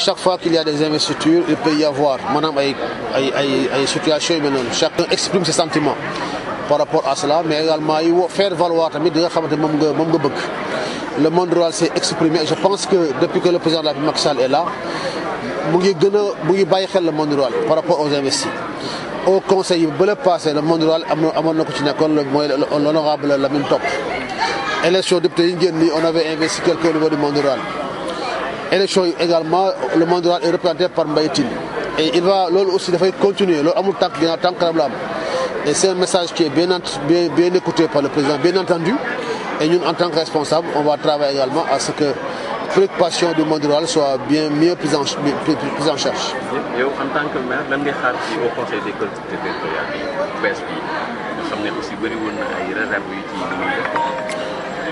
chaque fois qu'il y a des investitures il peut y avoir maanaam ay ay ay ay situations yu mel noonu chacun exprime ses sentiments par rapport à cela mais également yi woo faire valoir tamit di nga xamante moom nga moom nga bëgg le monde rural s'est exprimé je pense que depuis que le président de la Macky Sall est là mu ngi gën a ngi bàyyi xel la monde rural par rapport aux investis au conseil yi bële passé le monde rural na amoon na ko ci nekkoon mooy l'honorable Lamine Top élection élection yi également le monde rural est par Mbaye Tine et il va loolu aussi dafay continuer loolu amul tànk ginnaaw tànk kanam la et c'est un message qui est bien bien bien écouté par le président bien entendu et ñun en tant que responsable on va travailler également à ce que préoccupation du monde rural soit bien mieux prise en charge.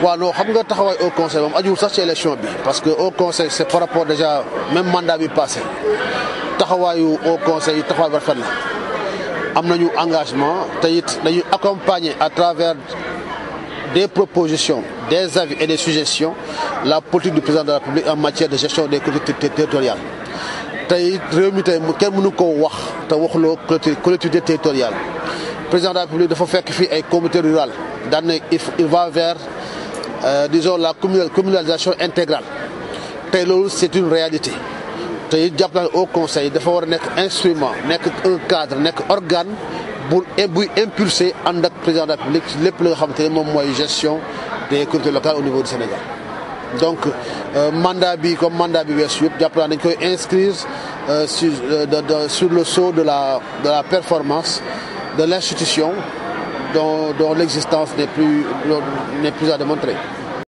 waaw non xam nga taxawaay au conseil moom ajuwul sax élection bi parce que au conseil c'est par rapport déjà même mandat bi passé taxawaayu au conseil taxawaay bi rafet na am nañu engagement te it dañuy accompagner à travers des propositions des avis et des suggestions la politique du président de la République en matière de gestion des collectivités territoriales tey réew mi tey kenn mënu ko wax te waxuloo collectivité territoriale président de la dafa fekk fii ay communauté rurale va vers Euh, disons la communalisation intégrale tey loolu c'est une réalité tey jàpp au conseil dafa war a nekk instrument nekk un cadre nekk organe bu buy impulser ànd ak président de la République lépp la nga xamante ne moom mooy gestion des collectivités locales au niveau du Sénégal donc euh, mandat bi comme mandat bi weesu yëpp jàpp naa dañ koy inscrire euh, sur sur le sceau de la de la performance de l'institution dont, dont l'existence n'est plus, n'est plus à démontrer.